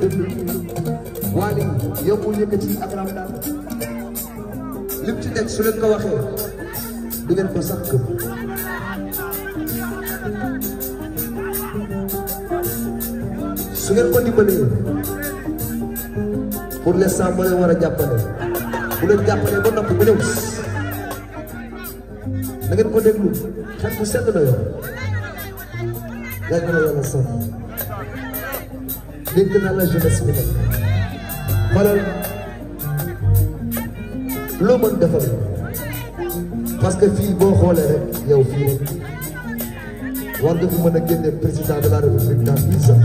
dëgg waali yow bul yëkkati ak raam daal lim ci teg su leen ko waxee du ngeen sax gëm su ngeen ko dimbalee pour l'instant moo leen war a jàppale bu leen jàppalee ba noppi bu ñëw na ko déglu xel bu sedd na yow yaa ngi ko yàlla sant dégg naa la jeunesse bi nag xoolal loo mën defal parce que fii boo xoolee rek yow fii rek war nga fi mën a génne président de la république dans dix ans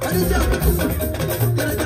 Khadija